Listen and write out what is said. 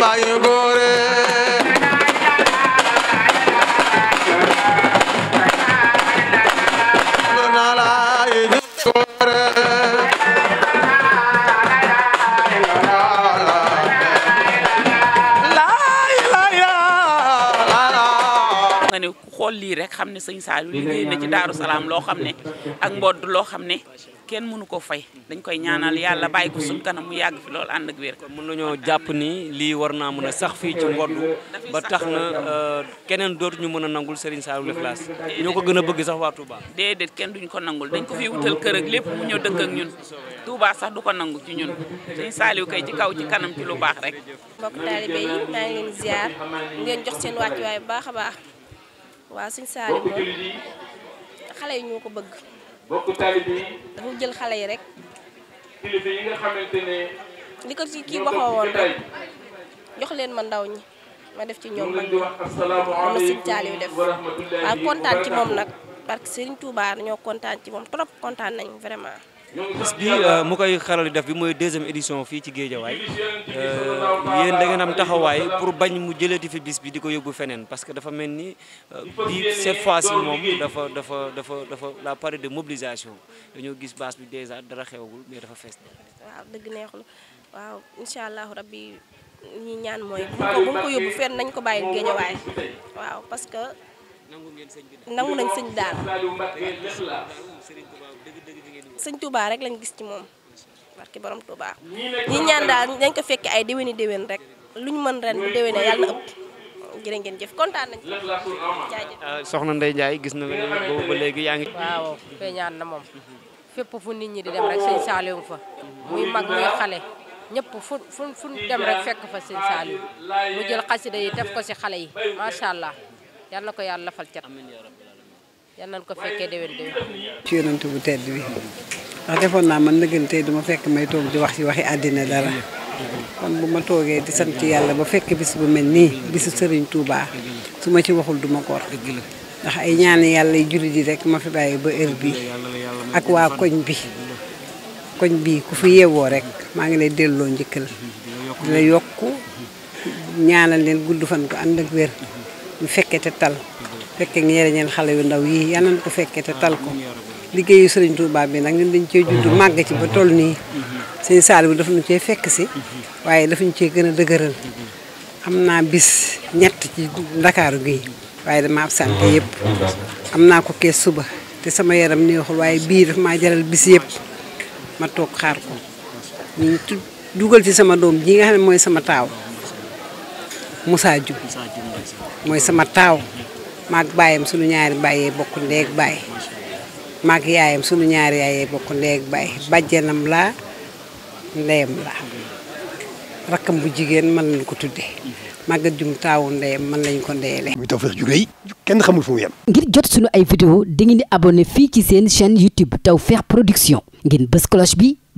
bàyyi ko xool lii rek xam ne sëñ Saliou liggéey na ci Daaru Salaam loo xam ne ak mbodd loo xam ne kenn mënu ko fay dañ koy ñaanal yàlla bàyyi ko suñ kanam mu yàgg fi loolu ànd ak wér. kon mën nañoo jàpp ni lii war naa mën a sax fii ci mbodd ba tax na euh, keneen dootuñu mën a nangul Serigne Saliou Likhlass ñoo ko gën a bëgg sax waa Touba. déedéet kenn duñ ko nangul dañ ko fi wutal kër ak lépp mu ñëw dëkk ak ñun Touba sax du ko nangu ci ñun Serigne Saliou kay ci kaw ci kanam ci lu baax rek. mbokk taalibe yi maa ngi leen ziar ngeen jox seen wàccuwaay baax a baax. waaw sëñ Saaliw bokk yi xale yi ñoo ko bëgg dafa jël xale yi rek li ko si kii waxoo woon rek jox leen ma ndaw ñi ma def ci ñoom mag ñi ma sëñ Saaliw def waaw kontaan ci moom nag parce que Serigne Touba ñoo kontaan ci moom trop kontaan nañ vraiment bis bi euh, mu koy xaral def bi mooy deuxième édition fii ci Géejawaay euh, yéen da ngeen am taxawaay pour bañ mu jëleeti fi bis bi di ko yóbbu feneen parce que dafa mel ni euh, bii cette fois ci moom dafa dafa dafa dafa la période de mobilisation dañoo gis baas bi déjà dara xewagul mais dafa fees. waaw dëgg neexul waaw incha allahu rabbi ñi ñaan mooy bu ko bu ko yóbbu fenn nañ ko bàyyi Géejawaay waaw parce que. nangu nañ sëñ daam sëñ Touba rek lañ gis ci moom barki borom Touba ñi ñaan daal dañ ko fekki ay déwéni déwén rek lu ñu mën ren bu déwénee yàlla ëpp jërë ngeen jëf kontaan nañ ah, soxna Ndeye jaay gis na ba léegi yaa ngi waaw feeñaan na moom fépp fu nit ñi di dem rek sëñ Saliou fa muy mag muy xale ñëpp fu fu fu dem rek fekk fa sëñ Saliou mu jël xasida yi def ko si xale yi macha allah yàlla ko yàlla fal cat yàlla nañ ko fekkee ci yonent bu tedd bi ndax defoon naa man nëgën tey duma fekk may toog di wax ci waxi àddina dara kon bu ma toogee di sant yàlla ba fekk bis bu mel nii bisu sëriñ tuubaa su ma ci waxul duma ko ndax ay ñaan yàlla yu jullit yi rek ma fi bàyyi ba heure bi ak waa koñ bi koñ bi ku fi yeewoo rek maa ngi lay delloo njëkkal di la yokk ñaanal leen gudd fan ko ànd ak wér ñu fekkee te tal fekkee ñeere ñeen xale yu ndaw yii yal nañu ko fekkee te tal ko liggéeyu Serigne Touba bi nag ñun dañ cee judd mhm. màgg ci ba toll nii mhm. Serigne Saliou dafa ñu cee fekk si mhm. waaye dafa ñu cee gën a dëgëral am naa bis ñett ci ndakaaru gi waaye dama absenté yépp am naa ko kees suba te sama yaram neexul waaye bii dafa maa jaral bis yëpp ma toog xaar ko dugal ci sama doom ji nga xam ne mooy sama taaw Moussa Diouf mooy sama taaw maag baayam sunu ñaari baayee bokk ndeeg baay maag yaayam sunu ñaari yaayee bokk ndeeg baay bàjjenam laa ndeyam laa rakkam bu jigéen man lañu ko tuddee màggat jum taawu ndeyam man lañu ko ndeyelee. muy Tawfekh ju rëy xamul fu mu ngir jot sunu ay vidéo dangeen di abonné fii ci seen chaîne YouTube Tawfekh Production ngeen bës cloche bi.